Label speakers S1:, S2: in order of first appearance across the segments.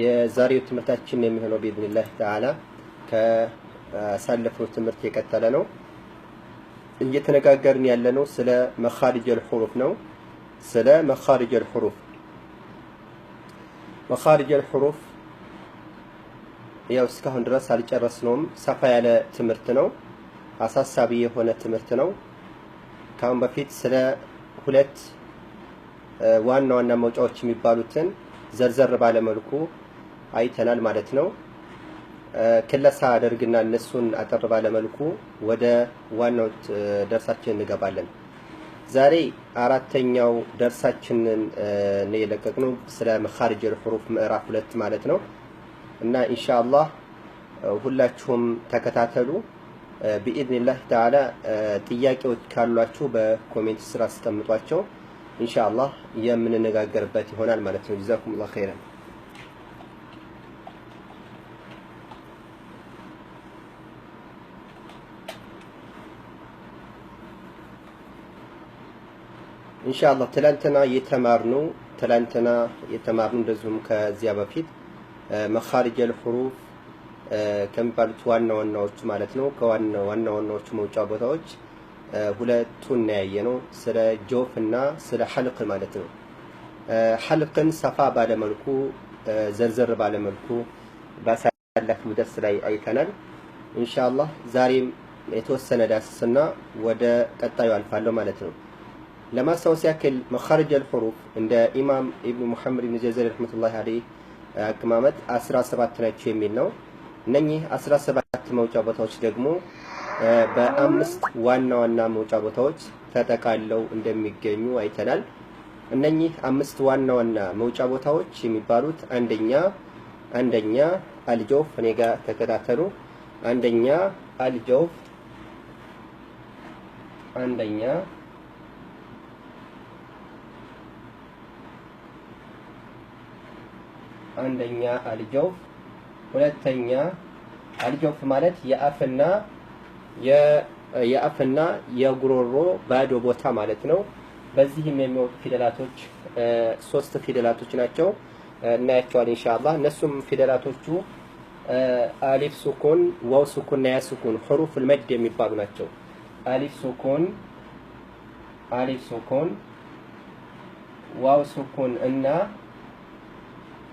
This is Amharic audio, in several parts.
S1: የዛሬው ትምህርታችን የሚሆነው ቢኢዝኒላህ ተዓላ ካሳለፈው ትምህርት የቀጠለ ነው። እየተነጋገርን ያለነው ስለ መኻሪጀል ሁሩፍ ነው። ስለ መኻሪጀል ሁሩፍ መኻሪጀል ሁሩፍ ያው እስካሁን ድረስ አልጨረስነውም። ሰፋ ያለ ትምህርት ነው። አሳሳቢ የሆነ ትምህርት ነው። ከአሁን በፊት ስለ ሁለት ዋና ዋና መውጫዎች የሚባሉትን ዘርዘር ባለመልኩ አይተናል ማለት ነው። ክለሳ አደርግና እነሱን አጠር ባለመልኩ ወደ ዋናው ደርሳችን እንገባለን። ዛሬ አራተኛው ደርሳችንን ነው የለቀቅነው ስለ መኻሪጅ ሑሩፍ ምዕራፍ ሁለት ማለት ነው እና ኢንሻአላህ ሁላችሁም ተከታተሉ። ቢኢዝኒላህ ተዓላ ጥያቄዎች ካሏችሁ በኮሜንት ስር አስቀምጧቸው። ኢንሻአላህ የምንነጋገርበት ይሆናል ማለት ነው። ጀዛኩሙላህ ኸይረን። ኢንሻአላህ ትላንትና የተማርነው ትላንትና የተማርነው እንደዚሁም ከዚያ በፊት መኻሪጀል ሁሩፍ ከሚባሉት ዋና ዋናዎቹ ማለት ነው ከዋና ዋና ዋናዎቹ መውጫ ቦታዎች ሁለቱን እናያየ ነው ስለ ጆፍ እና ስለ ሐልቅ ማለት ነው። ሐልቅን ሰፋ ባለመልኩ ዘርዘር ባለመልኩ ባሳለፍነው ደስ ላይ አይተናል። ኢንሻአላህ ዛሬም የተወሰነ ዳስስና ወደ ቀጣዩ አልፋለሁ ማለት ነው። ለማስታወስ ያክል መኻረጀል ሁሩፍ እንደ ኢማም ኢብኑ ሙሐመድ ብን ዘዘር ረህመቱላሂ አለይህ አቀማመጥ 17 ናቸው የሚል ነው። እነኚህ 17 መውጫ ቦታዎች ደግሞ በአምስት ዋና ዋና መውጫ ቦታዎች ተጠቃለው እንደሚገኙ አይተናል። እነኚህ አምስት ዋና ዋና መውጫ ቦታዎች የሚባሉት አንደኛ አንደኛ አልጀውፍ እኔ ጋ ተከታተሉ። አንደኛ አልጀውፍ አንደኛ አንደኛ አልጀውፍ፣ ሁለተኛ አልጀውፍ ማለት የአፍና የአፍና የጉሮሮ ባዶ ቦታ ማለት ነው። በዚህም የሚወጡ ፊደላቶች ሶስት ፊደላቶች ናቸው። እናያቸዋል ኢንሻአላህ። እነሱም ፊደላቶቹ አሊፍ ሱኩን፣ ዋው ሱኩን እና ያ ሱኩን ሁሩፉል መድ የሚባሉ ናቸው። አሊፍ ሱኩን፣ አሊፍ ሱኩን፣ ዋው ሱኩን እና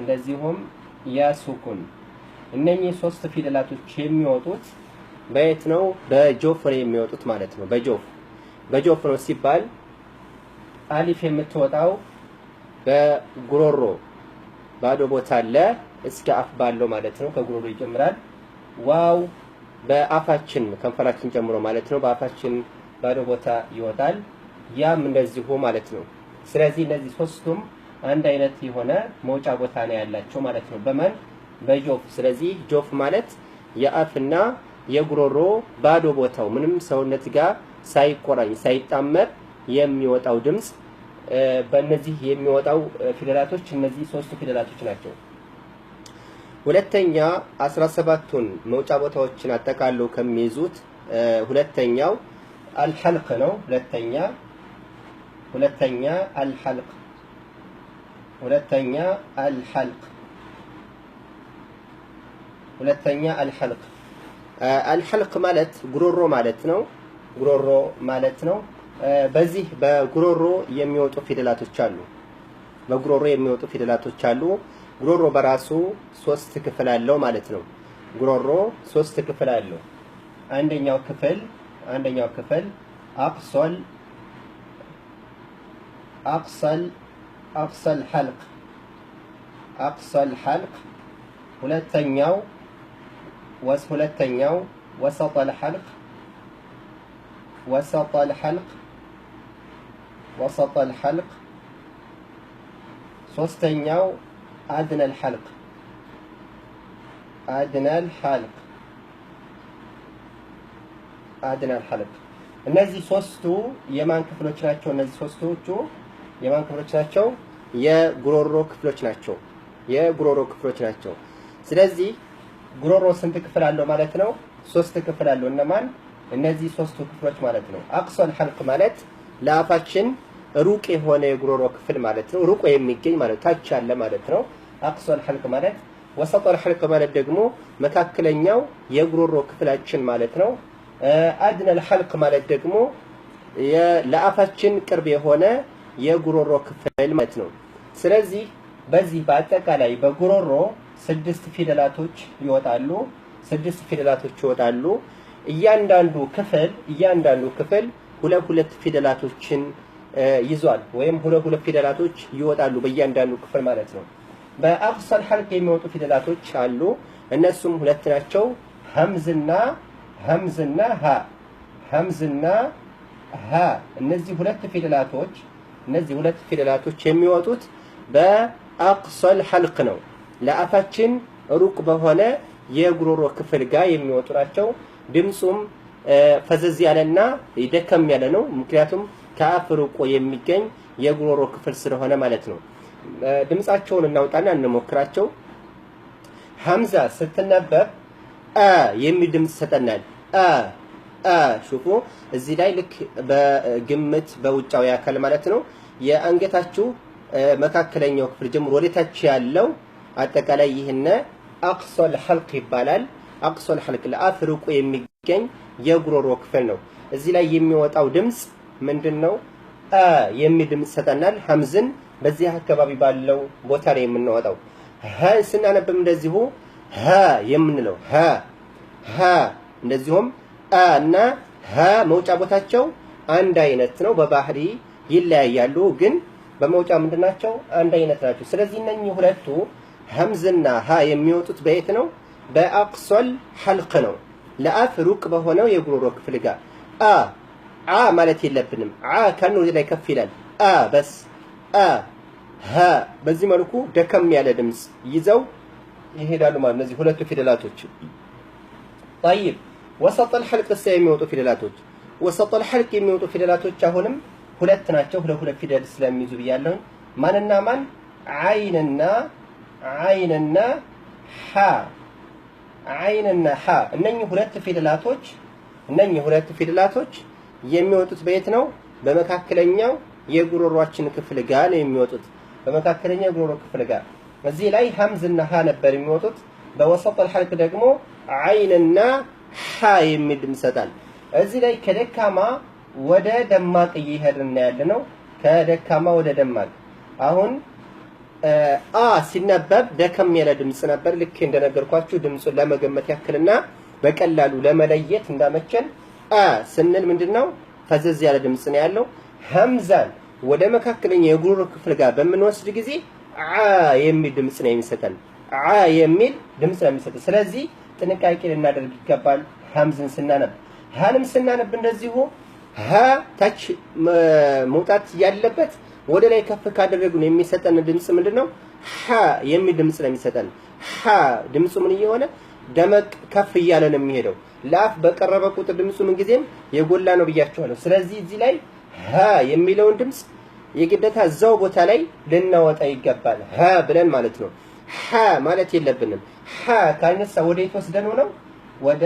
S1: እንደዚሁም ያሱኩን እነኚህ ሶስት ፊደላቶች የሚወጡት በየት ነው? በጆፍ ነው የሚወጡት ማለት ነው። በጆፍ በጆፍ ነው ሲባል አሊፍ የምትወጣው በጉሮሮ ባዶ ቦታ አለ እስከ አፍ ባለው ማለት ነው። ከጉሮሮ ይጀምራል። ዋው በአፋችን ከንፈራችን ጨምሮ ማለት ነው። በአፋችን ባዶ ቦታ ይወጣል። ያም እንደዚሁ ማለት ነው። ስለዚህ እነዚህ ሶስቱም አንድ አይነት የሆነ መውጫ ቦታ ነው ያላቸው ማለት ነው። በማን በጆፍ ስለዚህ ጆፍ ማለት የአፍና የጉሮሮ ባዶ ቦታው ምንም ሰውነት ጋር ሳይቆራኝ ሳይጣመር የሚወጣው ድምፅ በእነዚህ የሚወጣው ፊደላቶች እነዚህ ሶስቱ ፊደላቶች ናቸው። ሁለተኛ 17ቱን መውጫ ቦታዎችን አጠቃለው ከሚይዙት ሁለተኛው አልሐልቅ ነው። ሁለተኛ ሁለተኛ አልሐልቅ ሁለተኛ አልሐልቅ ሁለተኛ አልሐልቅ አልሐልቅ ማለት ጉሮሮ ማለት ነው። ጉሮሮ ማለት ነው። በዚህ በጉሮሮ የሚወጡ ፊደላቶች አሉ። በጉሮሮ የሚወጡ ፊደላቶች አሉ። ጉሮሮ በራሱ ሶስት ክፍል አለው ማለት ነው። ጉሮሮ ሶስት ክፍል አለው። አንደኛው ክፍል አንደኛው ክፍል አቅሶል አቅሰል أقصى الحلق أقصى الحلق ولتنيو وسهلتنيو وسط الحلق وسط الحلق وسط الحلق سوستنيو أدنى الحلق أدنى الحلق أدنى الحلق النزي سوستو يمان كفلو تراتشو النزي سوستو تشو የማን ክፍሎች ናቸው? የጉሮሮ ክፍሎች ናቸው። የጉሮሮ ክፍሎች ናቸው። ስለዚህ ጉሮሮ ስንት ክፍል አለው ማለት ነው? ሶስት ክፍል አለው። እነማን? እነዚህ ሶስቱ ክፍሎች ማለት ነው። አቅሶል ሐልቅ ማለት ለአፋችን ሩቅ የሆነ የጉሮሮ ክፍል ማለት ነው። ሩቅ የሚገኝ ማለት ታች ያለ ማለት ነው። አቅሶል ሐልቅ ማለት ወሰጦል ሐልቅ ማለት ደግሞ መካከለኛው የጉሮሮ ክፍላችን ማለት ነው። አድነል ሐልቅ ማለት ደግሞ ለአፋችን ቅርብ የሆነ የጉሮሮ ክፍል ማለት ነው። ስለዚህ በዚህ በአጠቃላይ በጉሮሮ ስድስት ፊደላቶች ይወጣሉ። ስድስት ፊደላቶች ይወጣሉ። እያንዳንዱ ክፍል እያንዳንዱ ክፍል ሁለት ሁለት ፊደላቶችን ይዟል ወይም ሁለት ሁለት ፊደላቶች ይወጣሉ በእያንዳንዱ ክፍል ማለት ነው። በአፍሰል ሐልቅ የሚወጡ ፊደላቶች አሉ። እነሱም ሁለት ናቸው። ሀምዝና ሀምዝና ሀ ሀምዝና ሀ እነዚህ ሁለት ፊደላቶች እነዚህ ሁለት ፊደላቶች የሚወጡት በአቅሰል ሐልቅ ነው። ለአፋችን ሩቅ በሆነ የጉሮሮ ክፍል ጋር የሚወጡ ናቸው። ድምፁም ፈዘዝ ያለና ደከም ያለ ነው። ምክንያቱም ከአፍ ርቆ የሚገኝ የጉሮሮ ክፍል ስለሆነ ማለት ነው። ድምፃቸውን እናውጣና እንሞክራቸው። ሐምዛ ስትነበብ አ የሚል ድምፅ ይሰጠናል። አ ሹፉ እዚህ ላይ ልክ በግምት በውጫዊ አካል ማለት ነው የአንገታችሁ መካከለኛው ክፍል ጀምሮ ወደታች ያለው አጠቃላይ ይህነ አቅሶል ሐልቅ ይባላል። አቅሶል ሐልቅ ለአፍ ርቆ የሚገኝ የጉሮሮ ክፍል ነው። እዚህ ላይ የሚወጣው ድምፅ ምንድን ነው? የሚል ድምፅ ይሰጠናል። ሐምዝን በዚህ አካባቢ ባለው ቦታ ላይ የምናወጣው ስናነብም እንደዚሁ የምንለው እንደዚሁም አ እና ሀ መውጫ ቦታቸው አንድ አይነት ነው። በባህሪ ይለያያሉ፣ ግን በመውጫ ምንድናቸው? አንድ አይነት ናቸው። ስለዚህ እነኚህ ሁለቱ ሀምዝና ሀ የሚወጡት በየት ነው? በአቅሶል ሐልቅ ነው። ለአፍ ሩቅ በሆነው የጉሮሮ ክፍል ጋር አ አ ማለት የለብንም። አ ከኑ ላይ ከፍ ይላል። አ በስ አ ሀ በዚህ መልኩ ደከም ያለ ድምፅ ይዘው ይሄዳሉ ማለት እነዚህ ሁለቱ ፊደላቶች ጠይብ ወሰጠል ሐልቅ ሳ የሚወጡ ፊደላቶች ወሰጠል ሐልቅ የሚወጡ ፊደላቶች አሁንም ሁለት ናቸው። ለሁለት ፊደል ስለሚይዙ ብያለሁ። ማንና ማን? ዓይንና ዓይንና ሐ ዓይንና ሐ እነኚህ ሁለት ፊደላቶች እነኚህ ሁለት ፊደላቶች የሚወጡት በየት ነው? በመካከለኛው የጉሮሯችን ክፍል ጋር ነው የሚወጡት። በመካከለኛው የጉሮሮ ክፍል ጋር እዚህ ላይ ሀምዝና ሀ ነበር የሚወጡት። በወሰጠል ሐልቅ ደግሞ ዓይንና ሻ የሚል ድምፅ ይሰጣል። እዚህ ላይ ከደካማ ወደ ደማቅ እየሄድን ያለ ነው። ከደካማ ወደ ደማቅ አሁን አ ሲነበብ ደከም ያለ ድምፅ ነበር። ልክ እንደነገርኳችሁ ድምፁን ለመገመት ያክልና በቀላሉ ለመለየት እንዳመቸን አ ስንል ምንድነው ፈዘዝ ያለ ድምፅ ነው ያለው። ሀምዛን ወደ መካከለኛ የጉሮሮ ክፍል ጋር በምንወስድ ጊዜ አ የሚል ድምፅ ነው የሚሰጠን። አ የሚል ድምፅ ነው የሚሰጠን። ስለዚህ ጥንቃቄ ልናደርግ ይገባል። ሀምዝን ስናነብ ሀንም ስናነብ እንደዚሁ ሀ ታች መውጣት ያለበት ወደ ላይ ከፍ ካደረግን የሚሰጠን ድምፅ ምንድን ነው? ሀ የሚል ድምፅ ነው የሚሰጠን። ሀ ድምፁ ምን እየሆነ ደመቅ ከፍ እያለ ነው የሚሄደው። ለአፍ በቀረበ ቁጥር ድምፁ ምን ጊዜም የጎላ ነው ብያችኋለሁ። ስለዚህ እዚህ ላይ ሀ የሚለውን ድምፅ የግዴታ እዛው ቦታ ላይ ልናወጣ ይገባል። ሀ ብለን ማለት ነው። ሀ ማለት የለብንም። ሀ ካልነሳ ወደ የት ወስደነው ነው? ወደ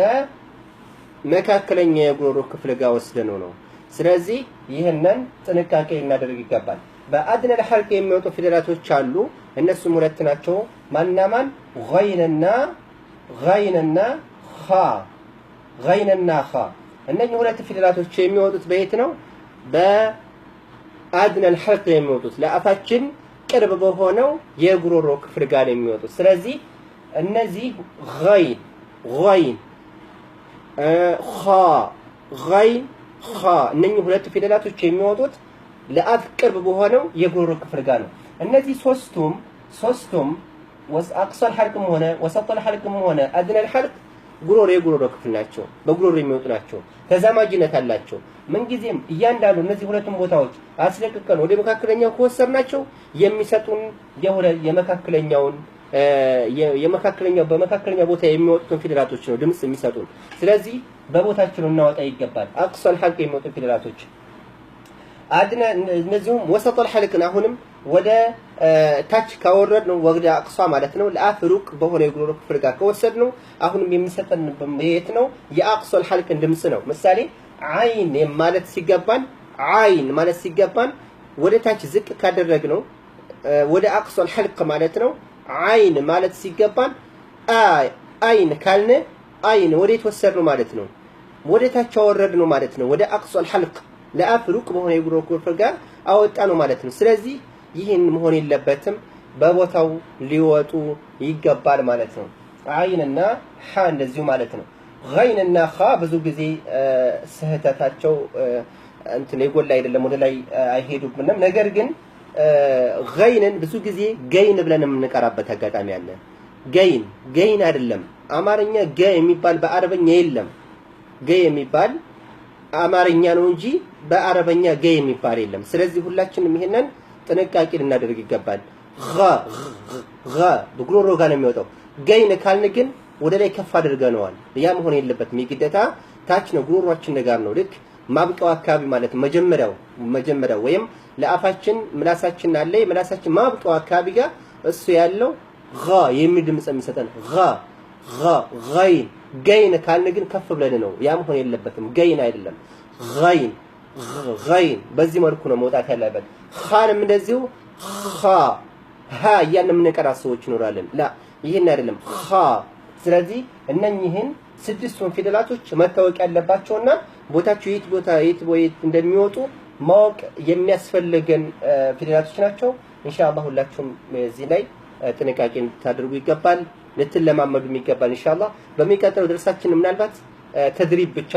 S1: መካከለኛ የጉሮሮ ክፍል ጋር ወስደነው ነው። ስለዚህ ይህንን ጥንቃቄ ልናደርግ ይገባል። በአድነል ሐልቅ የሚወጡ ፊደላቶች አሉ። እነሱም ሁለት ናቸው። ማናማን ገይንና ገይንና ኻ ገይንና ኻ። እነኚህ ሁለት ፊደላቶች የሚወጡት በየት ነው? በአድነል ሐልቅ የሚወጡት ለአፋችን ቅርብ በሆነው የጉሮሮ ክፍል ጋር የሚወጡት። ስለዚህ እነዚህ ገይን ገይን ገይን እነኚህ ሁለቱ ፊደላቶች የሚወጡት ለአፍ ቅርብ በሆነው የጉሮሮ ክፍል ጋር ነው። እነዚህ ሶስቱም ሶስቱም አቅሰል ሐልቅም ሆነ ወሰጠል ሐልቅም ሆነ አድነል ሐልቅ ጉሮሮ የጉሮሮ ክፍል ናቸው። በጉሮሮ የሚወጡ ናቸው። ተዛማጅነት አላቸው። ምንጊዜም እያንዳንዱ እነዚህ ሁለቱም ቦታዎች አስለቅቀን ወደ መካከለኛው ናቸው የሚሰጡን የሆነ የመካከለኛውን የመካከለኛው በመካከለኛው ቦታ የሚወጡትን ፊደላቶች ነው ድምጽ የሚሰጡን። ስለዚህ በቦታችን እናወጣ ይገባል። አቅሷል ሐልቅ የሚወጡ ፊደላቶች አድነ እነዚሁም ወሰጠል ሐልቅን አሁንም ወደ ታች ካወረድ ነው ወግደ አቅሷ ማለት ነው። ለአፍሩቅ ሩቅ በሆነ የጉሮሮ ክፍል ጋር ከወሰድ ነው አሁንም የሚሰጠን የት ነው? የአቅሶል ሐልቅ ድምፅ ነው። ምሳሌ አይን ማለት ሲገባን አይን ማለት ሲገባን ወደ ታች ዝቅ ካደረግ ነው ወደ አቅሶል ሐልቅ ማለት ነው። አይን ማለት ሲገባን አይን ካልነ አይን ወደ የተወሰድ ነው ማለት ነው። ወደ ታች አወረድ ነው ማለት ነው። ወደ አቅሶል ሐልቅ ለአፍሩቅ በሆነ የጉሮሮ ክፍል ጋር አወጣ ነው ማለት ነው። ስለዚህ ይህን መሆን የለበትም። በቦታው ሊወጡ ይገባል ማለት ነው። አይንና ሓ እንደዚሁ ማለት ነው። ይንና ኻ ብዙ ጊዜ ስህተታቸው እንትን የጎላ አይደለም፣ ወደ ላይ አይሄዱብንም። ነገር ግን ይንን ብዙ ጊዜ ገይን ብለን የምንቀራበት አጋጣሚ አለ። ገይን ገይን አይደለም። አማርኛ ገ የሚባል በአረበኛ የለም። ገ የሚባል አማርኛ ነው እንጂ በአረበኛ ገ የሚባል የለም። ስለዚህ ሁላችንም ይሄንን ጥንቃቄ ልናደርግ ይገባል። በጉሮሮ ጋር ነው የሚወጣው። ገይን ካልን ግን ወደ ላይ ከፍ አድርገነዋል። ያ መሆን የለበትም። የግዴታ ታች ነው፣ ጉሮሯችን ጋር ነው። ልክ ማብቂያው አካባቢ ማለት መጀመሪያው መጀመሪያው ወይም ለአፋችን ምላሳችን አለ ምላሳችን ማብቂያው አካባቢ ጋር እሱ ያለው የሚል ድምፅ የሚሰጠን ይን ገይን ካልን ግን ከፍ ብለን ነው። ያ መሆን የለበትም። ገይን አይደለም ይን ይን በዚህ መልኩ ነው መውጣት ያለበት። ኻንም እንደዚሁ ሃ እያልን የምንቀራ ሰዎች ይኖራለን። ላ ይህን አይደለም ሃ። ስለዚህ እነኚህን ስድስቱን ፊደላቶች መታወቅ ያለባቸውና ቦታቸው የት ቦታ የት የት እንደሚወጡ ማወቅ የሚያስፈልገን ፊደላቶች ናቸው። ኢንሻአላህ ሁላችሁም እዚህ ላይ ጥንቃቄ እንድታደርጉ ይገባል፣ ልትለማመዱ ይገባል። ኢንሻአላህ በሚቀጥለው ደርሳችን ምናልባት ተድሪብ ብቻ